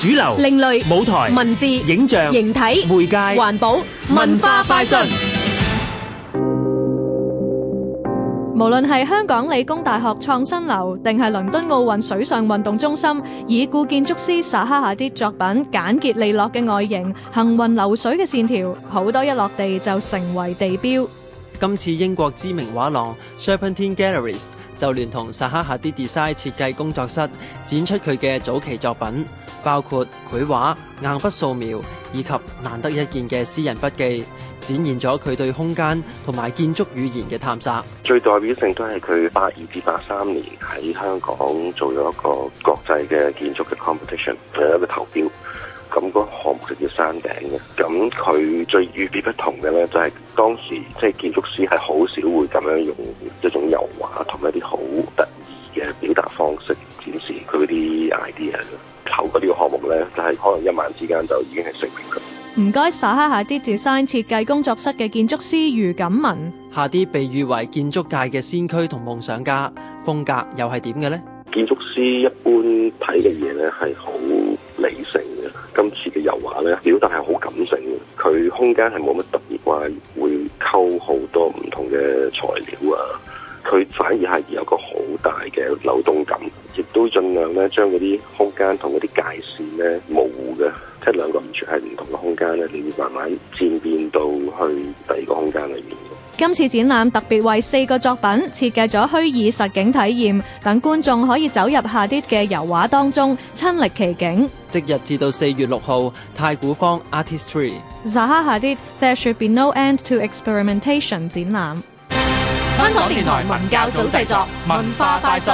主流、另類、舞台、文字、影像、形體、媒介、環保、文化快訊。無論係香港理工大學創新樓，定係倫敦奧運水上運動中心，已故建築師撒哈哈啲作品簡潔利落嘅外形，行雲流水嘅線條，好多一落地就成為地標。今次英國知名畫廊 Serpentine Galleries 就聯同 Zaha Hadid design 設計工作室展出佢嘅早期作品，包括繪畫、硬筆素描以及難得一見嘅私人筆記，展現咗佢對空間同埋建築語言嘅探索。最代表性都係佢八二至八三年喺香港做咗一個國際嘅建築嘅 competition，係一個投標。咁、那個項目就叫山頂嘅，咁佢最與別不同嘅咧，就係、是、當時即係、就是、建築師係好少會咁樣用一種油畫同一啲好得意嘅表達方式展示佢啲 idea。透過呢個項目咧，就係、是、可能一晚之間就已經係成名。唔該，撒下下啲 design 設計工作室嘅建築師余錦文，下啲被譽為建築界嘅先驅同夢想家，風格又係點嘅咧？建築師一般睇嘅嘢咧係好。今次嘅油畫咧，表達係好感性嘅。佢空間係冇乜特別，話會溝好多唔同嘅材料啊。佢反而係有個好大嘅扭動感，亦都盡量咧將嗰啲空間同嗰啲界線咧模糊嘅，即係兩個完全係唔同嘅空間咧，你要慢慢漸變到去第二個空間裏面。今次展覽特別為四個作品設計咗虛擬實景體驗，等觀眾可以走入 Zaha Hadid 嘅油畫當中，親歷其境。即日至到四月六號，太古坊 Artistry Zaha Hadid There Should Be No End to Experimentation 展覽。香港電台文教組製作文化快訊。